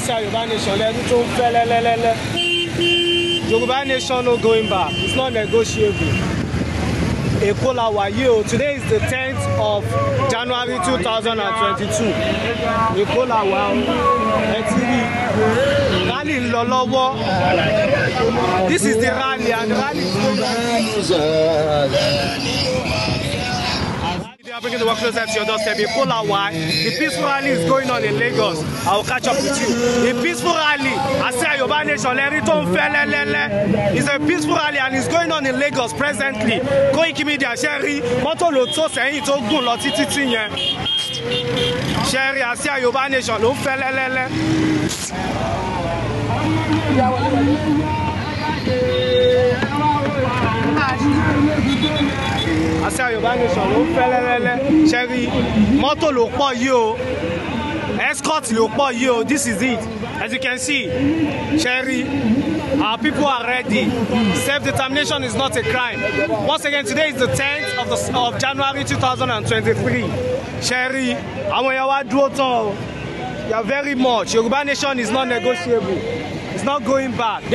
àṣà yorùbá nation lẹ́nu tó ń fẹ́ lẹ́lẹ́lẹ́lẹ́ yorùbá nation no going back it's not negotiable èkó la wà yìí o today is the tenth of january two thousand and twenty-two èkó la wà o ẹ ti rí rally ń lọ lọ́wọ́ this is the rally and the rally is going on are bringing the work closer to your doorstep. In Polawai, the peaceful rally is going on in Lagos. I will catch up with you. The peaceful rally, I say Yoruba Nation, Leriton Felelele, It's a peaceful rally and it's going on in Lagos presently. Koiki Media, Sherry, Mọ́tò ló tó sẹ́yìn tó gùn lọ títí tí yẹn. Sherry, I say Yoruba Nation ló ń fẹ́ lẹ́lẹ́lẹ́. àṣà yorùbá nation ló fẹ́ lẹ́lẹ́lẹ́ ṣe rí mọ́tò ló pọ̀ yìí o escort ló pọ̀ yìí o this is it as you can see ṣe rí our people are ready self-determination is not a crime once again today is the 10th of, the, of January 2023 ṣe rí àwọn èèyàn wa dúró tán o you are very much yorùbá nation is not negotiable it's not going back.